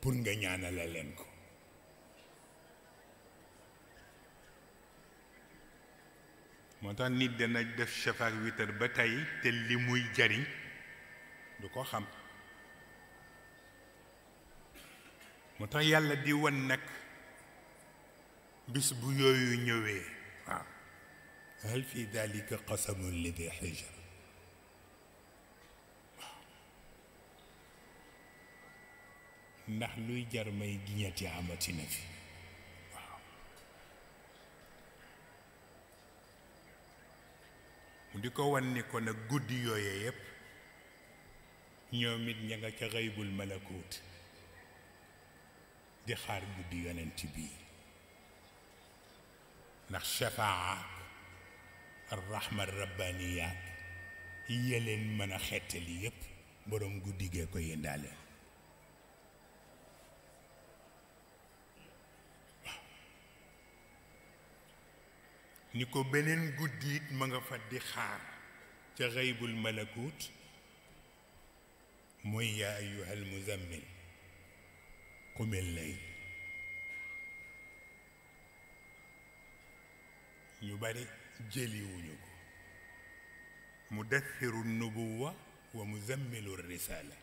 pour nga ñaanale leen ko moo tax nit dana def shafaak witar ba tey te li muy jariñ du ko xam moo tax yàlla di wan nag bis bu yooyu ñëwee waaw hal fi dalika qasamun li di xijar ndax luy jar may giñati amati na fi waaw mu di ko wan ni ko nag guddi yooye yépp ñoom it ña nga ca xaybul malakuut di xaar guddi yonent bii ndax shafaak arrahma rabbaniyaat yi leen mën a xettali yépp boroom guddi gee ko yëndaale ni ko beneen guddi ma nga fa di xaar ca xaybul malakut mooy yaa ayyuhal muzammil qumil layl ñu bare jëliwuñu ko mudaffiru nubuwa wa muzammilu risala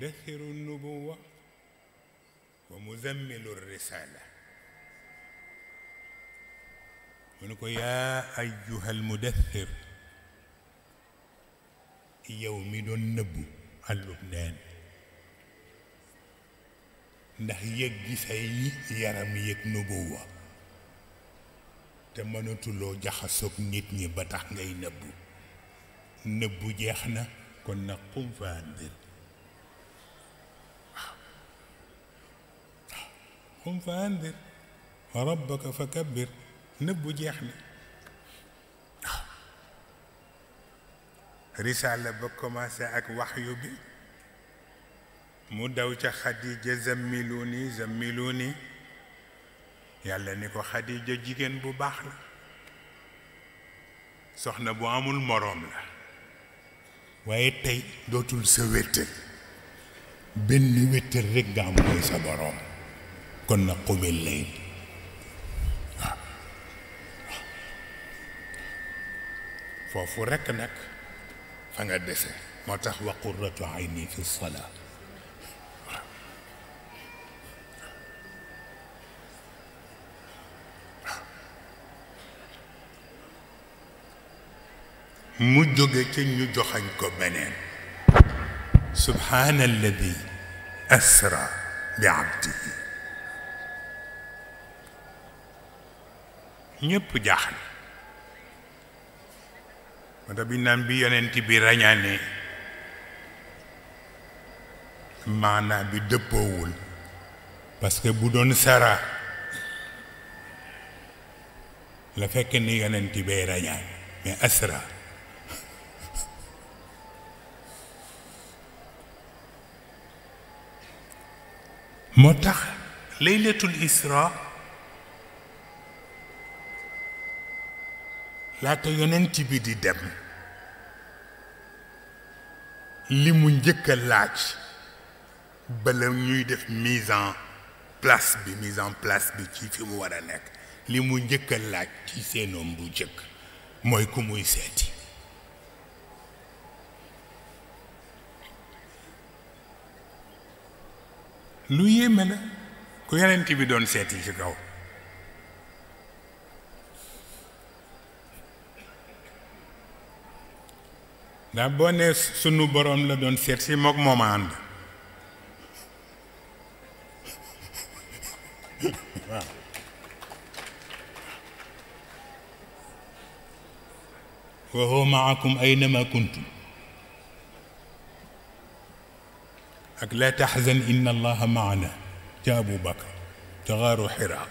مدثر النبوة ومزمل الرسالة ونقول يا أيها المدثر يومد النبو اللبنان ndax yëggi say yaram yëg nubuwa te mënatuloo jaxasoog nit ñi ba tax ngay nëbbu nëbbu jeex na kon nag qum fa andir قم فانذر وربك فكبر نبو جيحنا رسالة بكما ساك وحي بي مدوش خديجة زميلوني زميلوني يالا نيكو خديجة جيجن بو بحر سخنا بو عمل مرام لا waye tey dootul sa wétte benn wétte rek كنا قوم الليل foofu rekk nag fa nga dese moo tax wa qurratu ayni fi salaa mu jóge ca ñu joxañ ko beneen subhaana alladi asra bi abdihi ñëpp jaxal ma da bi nan bi yonent bi rañane mana bi deppowul parce que bu doon sara la fekk ni yonent bay rañane mais asra motax tax laylatul isra laata yonent bi di dem li mu njëkk laaj bala ñuy def mise en place bi mise en place bi ci fi mu war a nekk li mu njëkk laaj ci seenoom bu njëkk mooy ku muy seeti lu yéeme na ku yonent bi doon seeti ci kaw da boo ne sunu borom la don seet si mook mooma ànd wa huwa maakum aynama kuntum ak la tahzan inna allaha maana ca abu bakr ca xaaru xiraa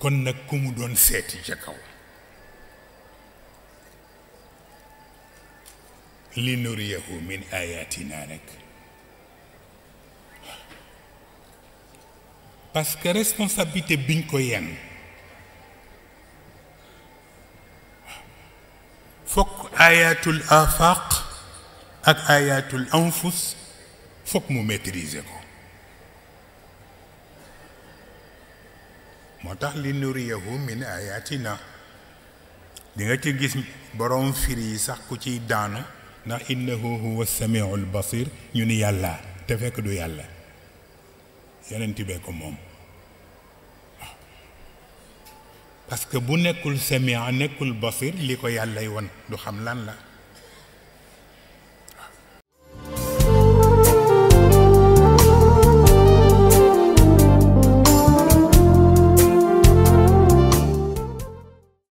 kon nak kumu don seti ci kaw لنريه من آياتنا لك باسكو ريسبونسابيتي بينكو يان فوك آيات الآفاق أك آيات الأنفس فوك مو ماتريزيكو موتاخ لنريه من آياتنا ديغا تي غيس بروم فري صح كو تي دانو ndax innahu huwa samiul basir ñu ni yàlla te fekk du yàlla yeneen tibe ko moom parce que bu nekkul samia nekkul basir li ko yàllay won du xam lan la